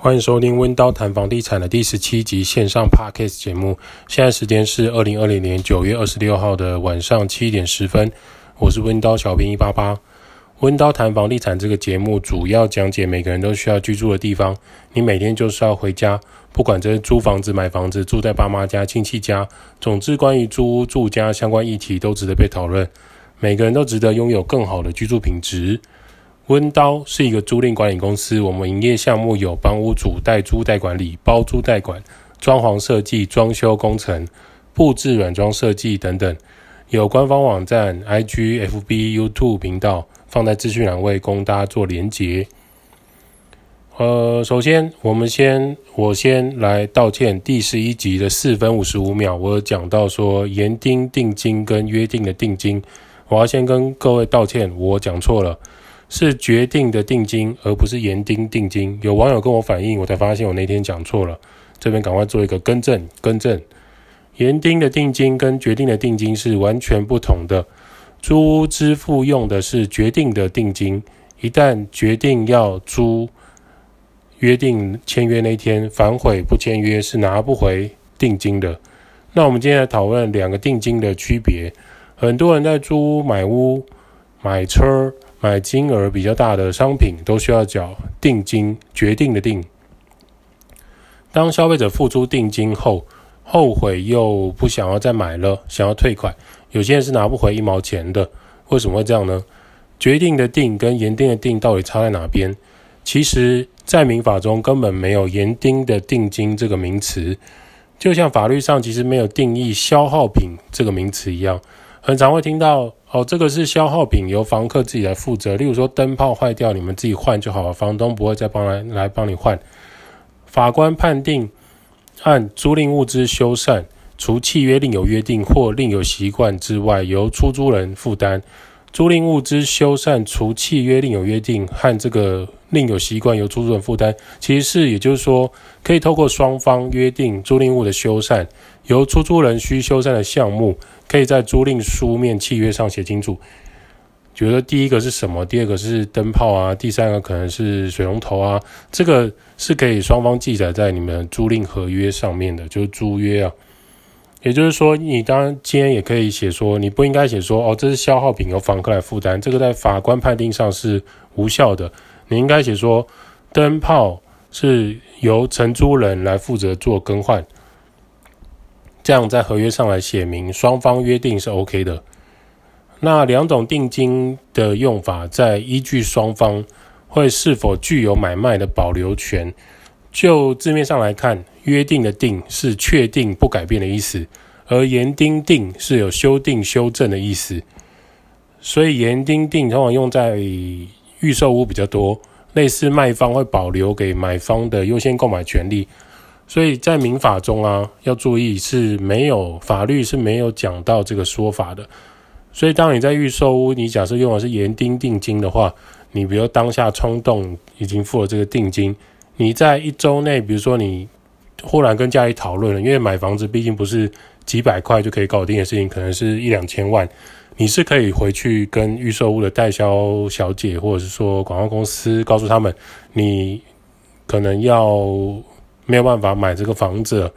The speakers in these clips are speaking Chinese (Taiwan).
歡迎收聽《溫叨談房地產》的第十七集線上 Podcast 節目。現在時間是二零二零年九月二十六號的晚上七點十分。我是溫叨小編一八八。《溫叨談房地產》這個節目主要講解每個人都需要居住的地方。你每天就是要回家，不管這是租房子、買房子、住在爸媽家、親戚家，總之關於租屋、住家相關議題都值得被討論。每個人都值得擁有更好的居住品質。溫叨是一個租賃管理公司。我們營業項目有幫屋主代租代管理、包租代管、裝潢設計、裝修工程、佈置軟裝設計等等。有官方網站、IG、FB、YouTube 頻道，放在資訊欄位供大家做連結。呃，首先我們先，我先來道歉。第十一集的四分五十五秒，我有講到說嚴丁定金跟約定的定金，我要先跟各位道歉，我講錯了。是決定的定金，而不是言丁定，定金。有網友跟我反映，我才發現我那天講錯了。這邊趕快做一個更正，更正。言丁的定金跟決定的定金是完全不同的。租屋支付用的是決定的定金，一旦決定要租，約定簽約那天反悔不簽約是拿不回定金的。那我們今天來討論兩個定金的區別。很多人在租屋、買屋、買車。買金額比較大的商品都需要繳定金，決定的定。當消費者付出定金後，後悔又不想要再買了，想要退款，有些人是拿不回一毛錢的。為什麼會這樣呢？決定的定跟言訂的訂到底差在哪邊？其實，在民法中根本沒有言訂的訂金這個名詞，就像法律上其實沒有定義消耗品這個名詞一樣，很常會聽到。哦，這個是消耗品，由房客自己來負責。例如說燈泡壞掉，你們自己換就好了，房東不會再幫來來幫你換。法官判定，按租賃物之修繕，除契約另有約定或另有習慣之外，由出租人負擔。租賃物之修繕，除契約另有約定和這個另有習慣，由出租人負擔。其實是，也就是說，可以透過雙方約定租賃物的修繕，由出租人需修繕的項目。可以在租賃書面契約上寫清楚，覺得第一個是什麼，第二個是燈泡啊，第三個可能是水龍頭啊，這個是可以雙方記載在你們租賃合約上面的，就是租約啊。也就是說，你當然今天也可以寫說，你不應該寫說哦，這是消耗品由房客來負擔，這個在法官判定上是無效的。你應該寫說，燈泡是由承租人來負責做更換。這樣在合約上來寫明雙方約定是 OK 的。那兩種定金的用法，在依據雙方會是否具有買賣的保留權。就字面上來看，約定的定是確定不改變的意思，而言丁訂是有修訂修正的意思。所以言丁訂通常用在預售屋比較多，類似賣方會保留給買方的優先購買權利。所以在民法中啊，要注意是沒有法律是沒有講到這個說法的。所以，當你在預售屋，你假設用的是銀丁定金的話，你比如當下衝動已經付了這個定金，你在一周內，比如說你忽然跟家裡討論了，因為買房子畢竟不是幾百塊就可以搞定的事情，可能是一兩千萬，你是可以回去跟預售屋的代銷小姐，或者是說廣告公司，告訴他們，你可能要。沒有辦法買這個房子，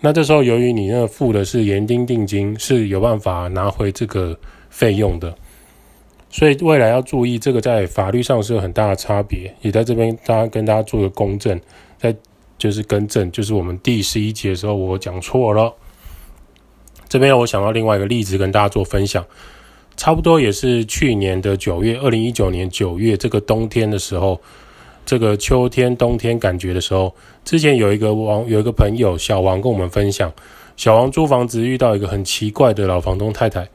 那這時候由於你那付的是嚴定定金，是有辦法拿回這個費用的。所以未來要注意，這個在法律上是有很大的差別。也在這邊，大家跟大家做個公證，在就是更正，就是我們第十一集的時候我講錯了。這邊我想到另外一個例子跟大家做分享，差不多也是去年的九月，二零一九年九月這個冬天的時候。這個秋天、冬天感覺的時候，之前有一個王有一個朋友小王跟我們分享，小王租房子遇到一個很奇怪的老房東太太。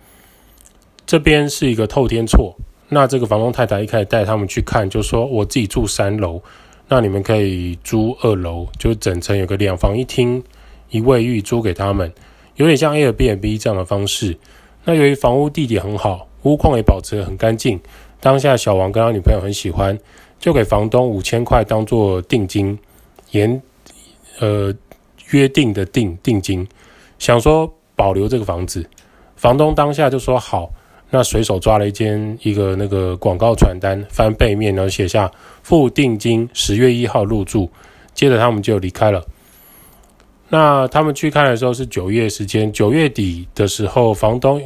這邊是一個透天厝，那這個房東太太一開始帶他們去看，就說我自己住三樓，那你們可以租二樓，就整層有個兩房一廳一衛浴租給他們，有點像 Airbnb 這樣的方式。那由於房屋地點很好，屋況也保持得很乾淨，當下小王跟他女朋友很喜歡。就給房東五千塊當做定金，沿，呃，約定的定，定金，想說保留這個房子。房東當下就說好，那隨手抓了一間一個那個廣告傳單，翻背面，然後寫下付定金，十月一號入住。接着他們就離開了。那他們去看的時候是九月時間，九月底的時候，房東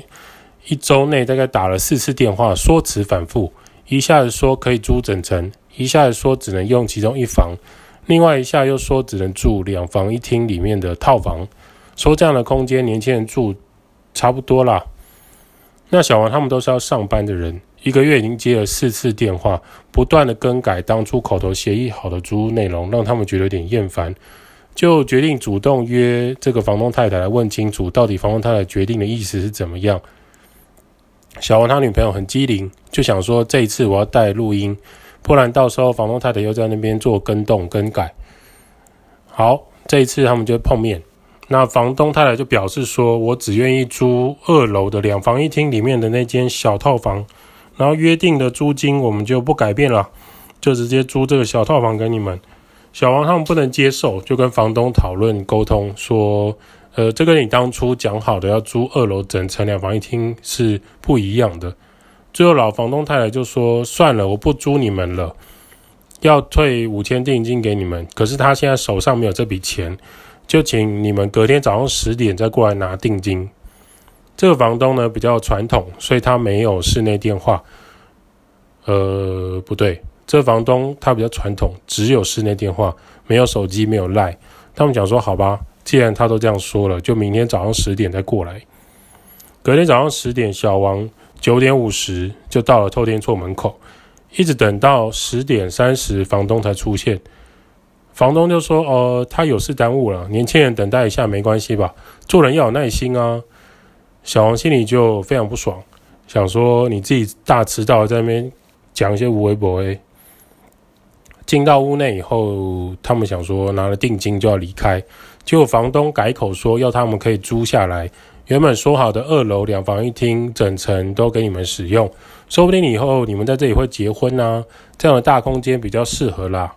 一周內大概打了四次電話，說辭反覆，一下子說可以租整層。一下子說只能用其中一房，另外一下又說只能住兩房一廳裡面的套房，說這樣的空間年輕人住差不多啦。那小王他們都是要上班的人，一個月已經接了四次電話，不斷的更改當初口頭協議好的租屋內容，讓他們覺得有點厭煩，就決定主動約這個房東太太來問清楚，到底房東太太決定的意思是怎麼樣。小王他女朋友很機靈，就想說這一次我要帶錄音。不然到時候房東太太又在那邊做更動更改。好，這一次他們就碰面，那房東太太就表示說：“我只願意租二樓的兩房一廳裡面的那間小套房，然後約定的租金我們就不改變了，就直接租這個小套房給你們。”小王他們不能接受，就跟房東討論溝通說：“呃，這跟你當初講好的要租二樓整層兩房一廳是不一樣的。”最後，老房東太太就說：“算了，我不租你們了，要退五千定金給你們。可是他現在手上沒有這筆錢，就請你們隔天早上十點再過來拿定金。”這個房東呢，比較傳統，所以他沒有室內電話。呃，不對，這房東他比較傳統，只有室內電話，沒有手機，沒有賴。他們想說：“好吧，既然他都這樣說了，就明天早上十點再過來。”隔天早上十點，小王。九點五十就到了透天厝門口，一直等到十點三十，房東才出現。房東就說：“哦，他有事耽誤了，年輕人等待一下沒關係吧？做人要有耐心啊。”小王心裡就非常不爽，想說：“你自己大遲到了，在那邊講一些無微博誒。”進到屋內以後，他們想說拿了定金就要離開，結果房東改口說要他們可以租下來。原本說好的二樓兩房一廳，整層都給你們使用，說不定以後你們在這裡會結婚呢、啊，這樣的大空間比較適合啦。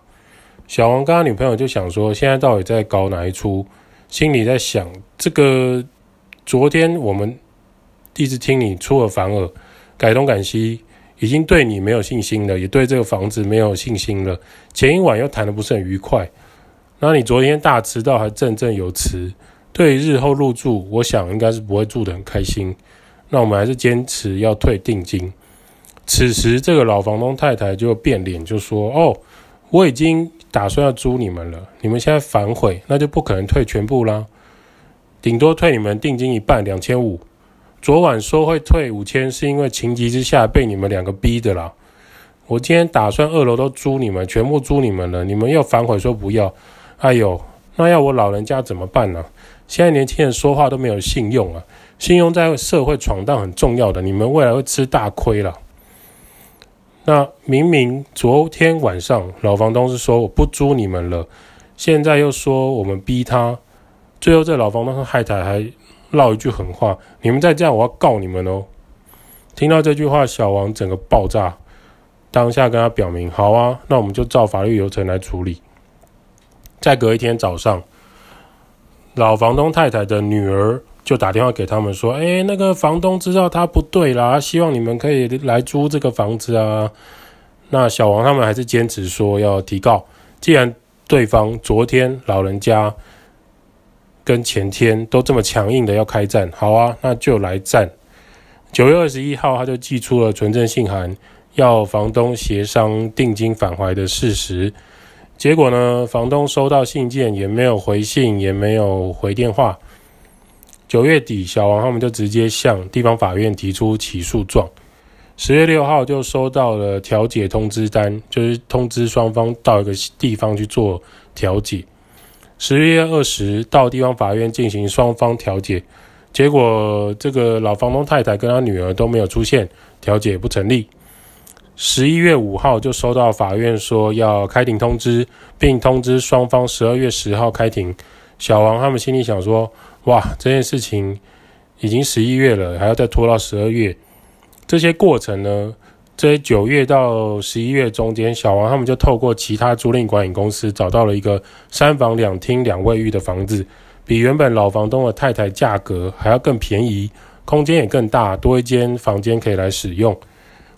小王跟他女朋友就想說，現在到底在搞哪一出？心裡在想，這個昨天我們一直聽你出爾反爾，改東改西，已經對你沒有信心了，也對這個房子沒有信心了。前一晚又談得不是很愉快，那你昨天大遲到還振振有詞。對於日後入住，我想應該是不會住得很開心。那我們還是堅持要退定金。此時，這個老房東太太就變臉，就說：“哦，我已經打算要租你們了，你們現在反悔，那就不可能退全部了，頂多退你們定金一半，兩千五。昨晚說會退五千，是因為情急之下被你們兩個逼的了。我今天打算二樓都租你們，全部租你們了，你們又反悔說不要，哎呦，那要我老人家怎麼辦呢、啊？”現在年輕人說話都沒有信用啊！信用在社會闖蕩很重要的，你們未來會吃大虧了。那明明昨天晚上老房東是說我不租你們了，現在又說我們逼他，最後這老房東太太還撂一句狠話：你們再這樣，我要告你們哦！聽到這句話，小王整個爆炸，當下跟他表明：好啊，那我們就照法律流程來處理。再隔一天早上。老房東太太的女兒就打電話給他們說：“哎、欸，那個房東知道他不對啦，希望你們可以來租這個房子啊。”那小王他們還是堅持說要提告。既然對方昨天、老人家跟前天都這麼強硬的要開戰，好啊，那就來戰。九月二十一號，他就寄出了存證信函，要房東協商定金返還的事實。結果呢？房東收到信件也沒有回信，也沒有回電話。九月底，小王他們就直接向地方法院提出起訴狀。十月六號就收到了調解通知單，就是通知雙方到一個地方去做調解。十月二十到地方法院進行雙方調解，結果這個老房東太太跟她女兒都沒有出現，調解不成立。十一月五號就收到法院說要開庭通知，並通知雙方十二月十號開庭。小王他們心裡想說：“哇，這件事情已經十一月了，還要再拖到十二月。”這些過程呢？這九月到十一月中間，小王他們就透過其他租賃管理公司找到了一個三房兩廳兩衛浴的房子，比原本老房東的太太價格還要更便宜，空間也更大，多一間房間可以來使用。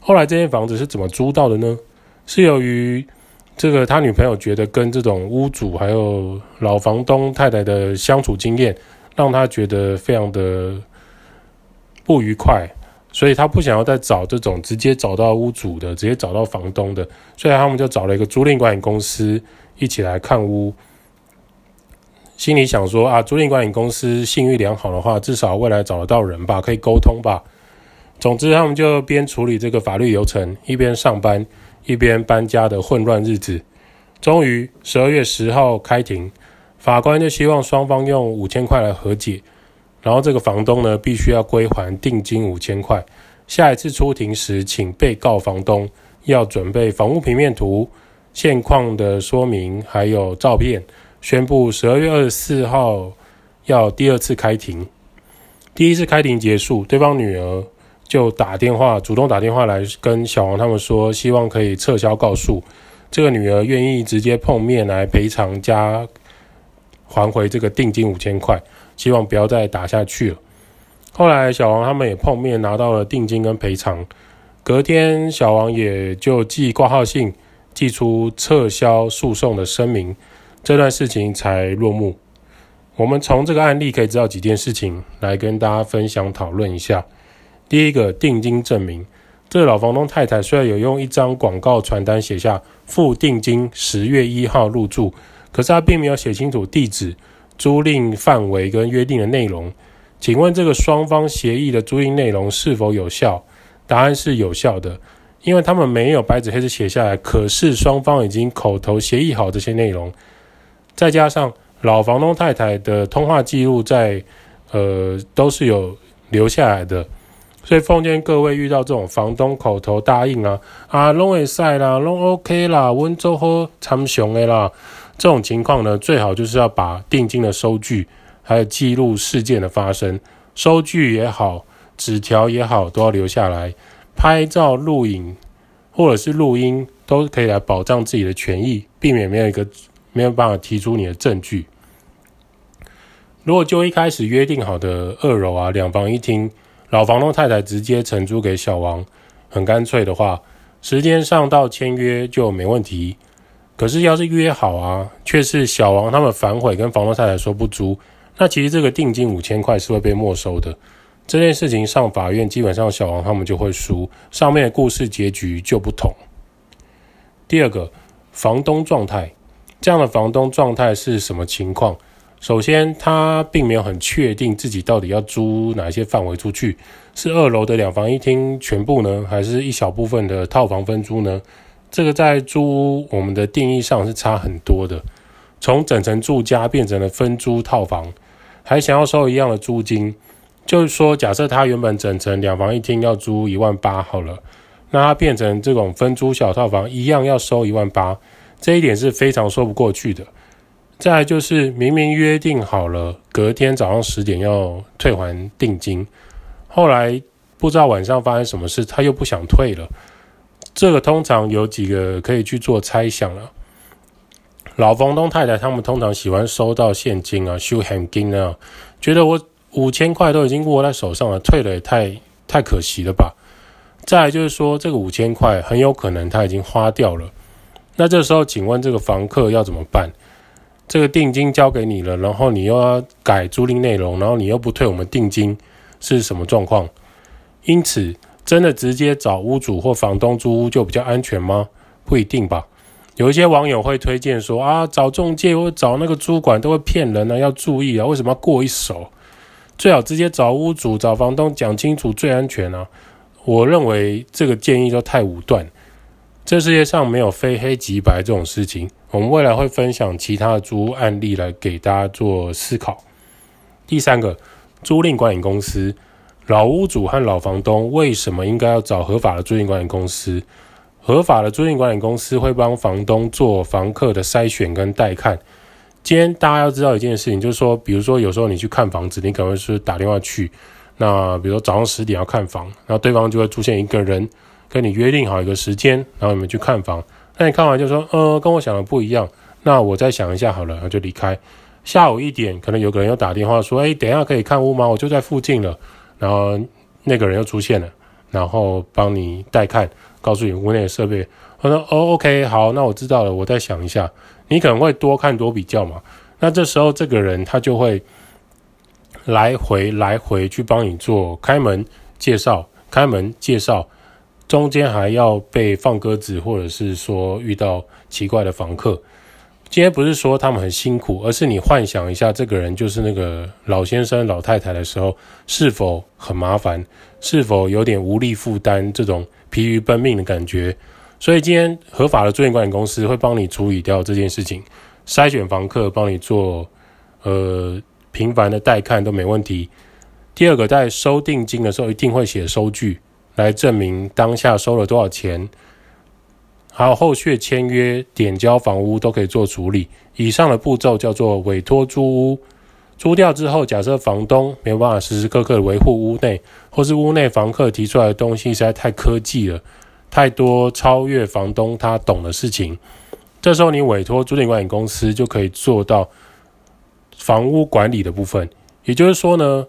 後來這間房子是怎麼租到的呢？是由於這個他女朋友覺得跟這種屋主還有老房東太太的相處經驗，讓他覺得非常的不愉快，所以他不想要再找這種直接找到屋主的，直接找到房東的，所以他們就找了一個租賃管理公司一起來看屋，心裡想說啊，租賃管理公司信譽良好的話，至少未來找得到人吧，可以溝通吧。總之，他們就邊處理這個法律流程，一邊上班，一邊搬家的混亂日子。終於，十二月十號開庭，法官就希望雙方用五千塊來和解。然後，這個房東呢，必須要歸還定金五千塊。下一次出庭時，請被告房東要準備房屋平面圖、現況的說明還有照片。宣布十二月二十四號要第二次開庭。第一次開庭結束，對方女兒。就打電話，主動打電話來跟小王他們說，希望可以撤銷告訴。這個女兒願意直接碰面來賠償，加還回這個定金五千塊，希望不要再打下去了。後來小王他們也碰面，拿到了定金跟賠償。隔天小王也就寄掛號信，寄出撤銷訴訟的聲明。這段事情才落幕。我們從這個案例可以知道幾件事情，來跟大家分享討論一下。第一個定金證明，這個老房東太太雖然有用一張廣告傳單寫下付定金十月一號入住，可是她並沒有寫清楚地址、租賃範圍跟約定的內容。請問這個雙方協議的租賃內容是否有效？答案是有效的，因為他們沒有白紙黑字寫下來，可是雙方已經口頭協議好這些內容，再加上老房東太太的通話記錄在，呃，都是有留下來的。所以奉勸各位遇到這種房東口頭答應啊，啊攏會使啦，攏 OK 啦，阮做好參詳的啦。這種情況呢，最好就是要把定金的收據，還有記錄事件的發生，收據也好，紙條也好，都要留下來，拍照、錄影，或者是錄音，都可以來保障自己的權益，避免沒有一個沒有辦法提出你的證據。如果就一開始約定好的二樓啊，兩房一廳。老房東太太直接承租給小王，很乾脆的話，時間上到簽約就沒問題。可是要是約好啊，卻是小王他們反悔，跟房東太太說不租，那其實這個定金五千塊是會被沒收的。這件事情上法院基本上小王他們就會輸，上面的故事結局就不同。第二個，房東狀態，這樣的房東狀態是什麼情況？首先，他並沒有很確定自己到底要租哪些範圍出去，是二樓的兩房一廳全部呢，還是一小部分的套房分租呢？這個在租我們的定義上是差很多的。從整層住家變成了分租套房，還想要收一樣的租金，就是說，假設他原本整層兩房一廳要租一萬八好了，那他變成這種分租小套房一樣要收一萬八，這一點是非常說不過去的。再來就是，明明約定好了隔天早上十點要退還定金，後來不知道晚上發生什麼事，他又不想退了。這個通常有幾個可以去做猜想了啊。老房東太太他們通常喜歡收到現金啊，收現金啊，覺得我五千塊都已經握在手上了，退了也太太可惜了吧。再來就是說，這個五千塊很有可能他已經花掉了。那這時候，請問這個房客要怎麼辦？這個定金交給你了，然後你又要改租賃內容，然後你又不退我們定金，是什麼狀況？因此，真的直接找屋主或房東租屋就比較安全嗎？不一定吧。有一些網友會推薦說啊，找仲介或找那個租管都會騙人呢、啊，要注意啊。為什麼要過一手？最好直接找屋主、找房東講清楚最安全啊。我認為這個建議就太武斷，這世界上沒有非黑即白這種事情。我們未來會分享其他的租屋案例來給大家做思考。第三個，租賃管理公司。老屋主和老房東為什麼應該要找合法的租賃管理公司？合法的租賃管理公司會幫房東做房客的篩選跟帶看。今天大家要知道一件事情，就是說，比如說有時候你去看房子，你可能會是打電話去，那比如說早上十點要看房，然後對方就會出現一個人跟你約定好一個時間，然後你們去看房。那你看完就說，呃，跟我想的不一樣，那我再想一下好了，然後就離開。下午一點，可能有個人又打電話說，誒，等一下可以看屋嗎？我就在附近了。然後那個人又出現了，然後幫你帶看，告訴你屋內的設備。我說，哦，OK，好，那我知道了，我再想一下。你可能會多看多比較嘛。那這時候這個人他就會來回來回去幫你做開門介紹，開門介紹。中間還要被放鴿子，或者是說遇到奇怪的房客。今天不是說他們很辛苦，而是你幻想一下，這個人就是那個老先生、老太太的時候，是否很麻煩，是否有點無力負擔這種疲於奔命的感覺？所以今天合法的租賃管理公司會幫你處理掉這件事情，篩選房客，幫你做呃頻繁的帶看都沒問題。第二個，在收定金的時候，一定會寫收據。來證明當下收了多少錢，還有後,後續簽約、點交房屋都可以做處理。以上的步驟叫做委托租屋。租掉之後，假設房東沒辦法時時刻刻的維護屋內，或是屋內房客提出來的東西實在太科技了，太多超越房東他懂的事情，這時候你委托租賃管理公司就可以做到房屋管理的部分。也就是說呢，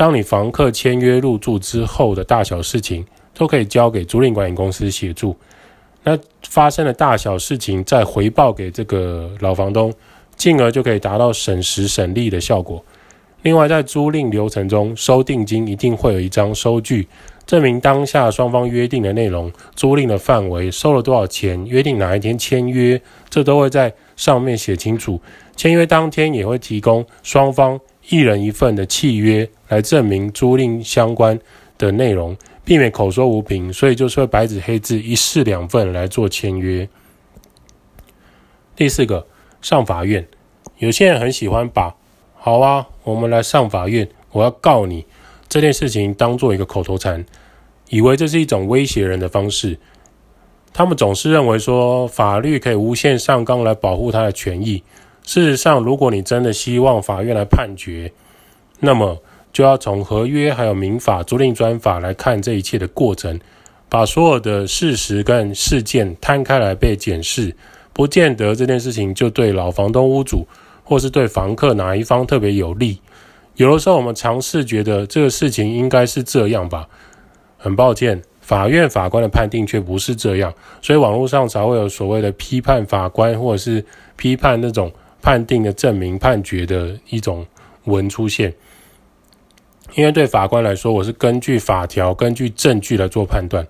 當你房客簽約入住之後的大小事情，都可以交給租賃管理公司協助。那發生的大小事情再回報給這個老房東，進而就可以達到省時省力的效果。另外，在租賃流程中收定金一定會有一張收據，證明當下雙方約定的內容、租賃的範圍、收了多少錢、約定哪一天簽約，這都會在上面寫清楚。簽約當天也會提供雙方。一人一份的契約來證明租賃相關的內容，避免口說無憑，所以就是會白紙黑字一式兩份來做簽約。第四個，上法院。有些人很喜歡把“好啊，我們來上法院，我要告你”這件事情當做一個口頭禪，以為這是一種威脅人的方式。他們總是認為說法律可以無限上綱來保護他的權益。事實上，如果你真的希望法院來判決，那麼就要從合約、還有民法、租賃專法來看這一切的過程，把所有的事實跟事件攤開來被檢視，不見得這件事情就對老房東屋主或是對房客哪一方特別有利。有的時候我們嘗試覺得這個事情應該是這樣吧，很抱歉，法院法官的判定卻不是這樣，所以網絡上才會有所謂的批判法官，或者是批判那種。判定的證明判決的一種文出現，因為對法官來說，我是根據法條、根據證據來做判斷，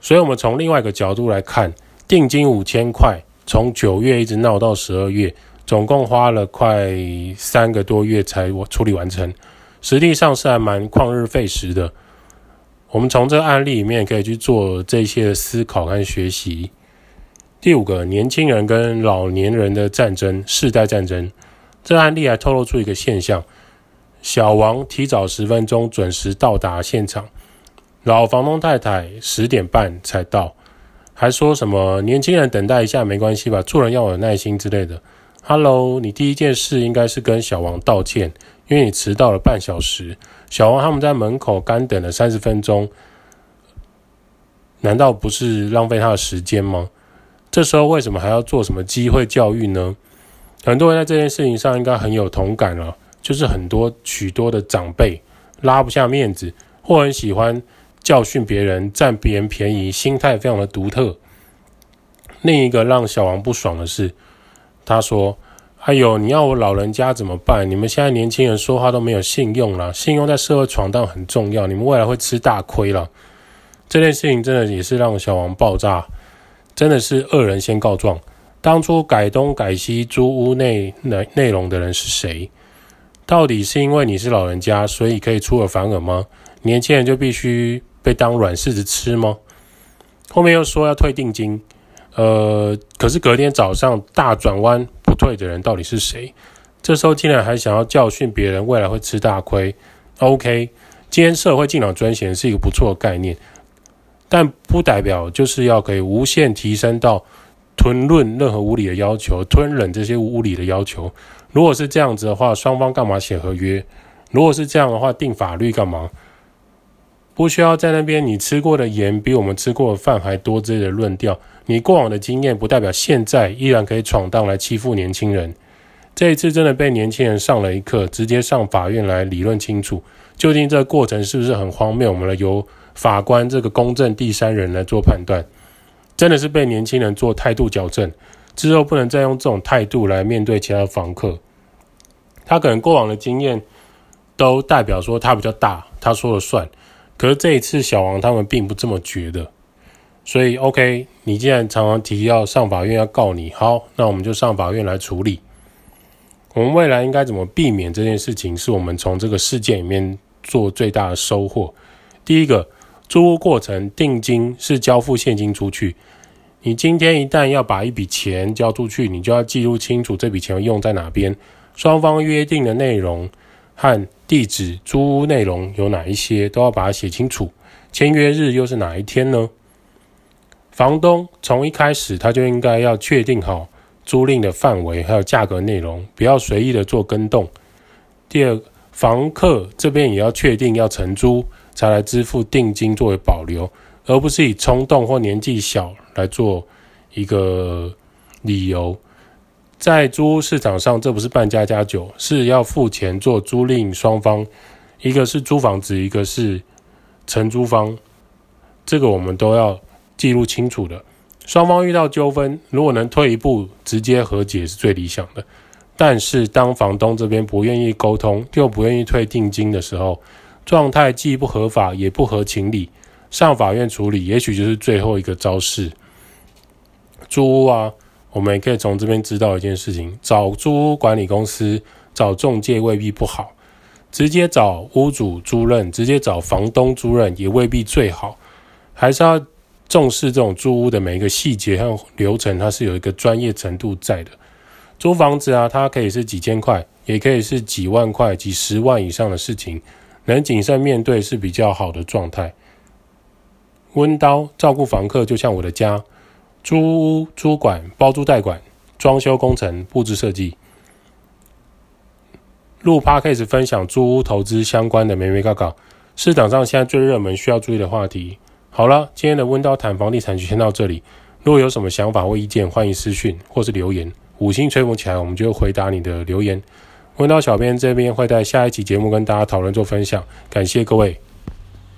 所以，我們從另外一個角度來看，定金五千塊，從九月一直鬧到十二月，總共花了快三個多月才我處理完成，實際上是還蠻曠日費時的。我們從這個案例裡面可以去做這些思考跟學習。第五個，年輕人跟老年人的戰爭，世代戰爭。這案例還透露出一個現象：小王提早十分鐘準時到達現場，老房東太太十點半才到，還說什麼“年輕人等待一下沒關係吧，做人要有耐心”之類的。Hello，你第一件事應該是跟小王道歉，因為你遲到了半小時。小王他們在門口乾等了三十分鐘，難道不是浪費他的時間嗎？這時候為什麼還要做什麼機會教育呢？很多人在這件事情上應該很有同感了，就是很多許多的長輩拉不下面子，或很喜歡教訓別人、占別人便宜，心態非常的獨特。另一個讓小王不爽的是，他說：“哎呦，你要我老人家怎麼辦？你們現在年輕人說話都沒有信用啦，信用在社會闖蕩很重要，你們未來會吃大虧啦。”這件事情真的也是讓小王爆炸。真的是惡人先告狀。當初改東改西租屋內內內容的人是誰？到底是因為你是老人家，所以可以出爾反爾嗎？年輕人就必須被當軟柿子吃嗎？後面又說要退定金，呃，可是隔天早上大轉彎不退的人到底是誰？這時候竟然還想要教訓別人，未來會吃大虧。OK，今天社會敬老尊賢是一個不錯的概念。但不代表就是要給無限提升到吞忍任何無理的要求，吞忍這些無理的要求。如果是這樣子的話，雙方幹嘛寫合約？如果是這樣的話，定法律幹嘛？不需要在那邊你吃過的鹽比我們吃過的飯還多之類的論調。你過往的經驗不代表現在依然可以闖蕩來欺負年輕人。這一次真的被年輕人上了一課，直接上法院來理論清楚，究竟這個過程是不是很荒謬？我們來由。法官這個公正第三人來做判斷，真的是被年輕人做態度矯正之後，不能再用這種態度來面對其他的房客。他可能過往的經驗都代表說他比較大，他說了算。可是這一次小王他們並不這麼覺得，所以 OK，你既然常常提要上法院要告你，好，那我們就上法院來處理。我們未來應該怎麼避免這件事情，是我們從這個事件裡面做最大的收穫。第一個。租屋過程，定金是交付現金出去，你今天一旦要把一筆錢交出去，你就要記錄清楚這筆錢用在哪邊，雙方約定的內容和地址、租屋內容有哪一些都要把它寫清楚，簽約日又是哪一天呢？房東從一開始他就應該要確定好租賃的範圍還有價格內容，不要隨意的做更動。第二，房客，這邊也要確定要承租。才來支付定金作為保留，而不是以衝動或年紀小來做一個理由。在租屋市場上，這不是扮家家酒，是要付錢做租賃雙方，一個是租房子，一個是承租方，這個我們都要記錄清楚的。雙方遇到糾紛，如果能退一步直接和解是最理想的。但是當房東這邊不願意溝通，又不願意退定金的時候，狀態既不合法也不合情理，上法院處理也許就是最後一個招式。租屋啊，我們也可以從這邊知道一件事情：找租屋管理公司、找仲介未必不好，直接找屋主租賃、直接找房東租賃也未必最好，還是要重視這種租屋的每一個細節和流程，它是有一個專業程度在的。租房子啊，它可以是幾千塊，也可以是幾萬塊、幾十萬以上的事情。能謹慎面對是比較好的狀態。溫叨照顧房客就像我的家，租屋、租管、包租代管、裝修工程、布置設計。路趴 case 分享租屋投資相關的美眉搞搞，市場上現在最熱門需要注意的話題。好了，今天的溫叨談房地產就先到這裡。如果有什麼想法或意見，歡迎私訊或是留言。五星吹風起來，我們就會回答你的留言。溫叨小編這邊會在下一期節目跟大家討論做分享，感謝各位。